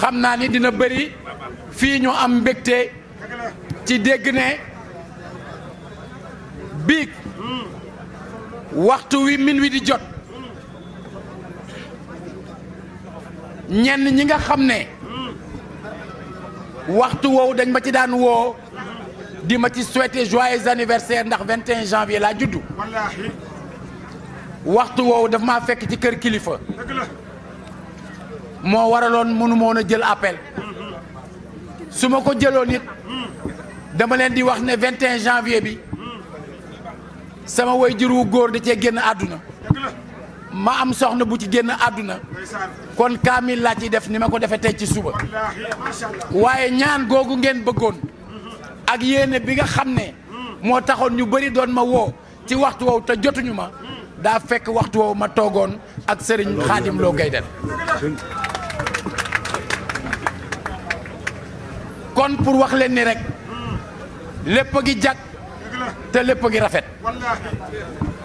xam naa ni dina bari fii ñu am mbégte ci dégg ne biig waxtu wi min wi di jot ñenn ñi nga xam ne waxtu woowu dañ ma ci daan woo di ma ci souhaiter joyeux anniversaire ndax 21 janvier laa juddu waxtu woowu daf ma fekk ci kër kilifa moo waraloon mënu moon a jël appel su ma ko jëloon it dama leen di wax ne 21 janvier bi sama waajur wu góor da cee génn àdduna ma am soxna bu ci génn àdduna kon kaamil laa ciy def ni ma ko defee tey ci suba waaye ñaan googu ngeen bëggoon ak yéene bi nga xam ne moo taxoon ñu bëri doon ma woo ci waxtu woowu te jotuñu ma daa fekk waxtu woowu ma toogoon ak Serigne Khadim Lo Gaydel kon pour wax leen ni rek lépp gi ngi te lépp gi ngi rafet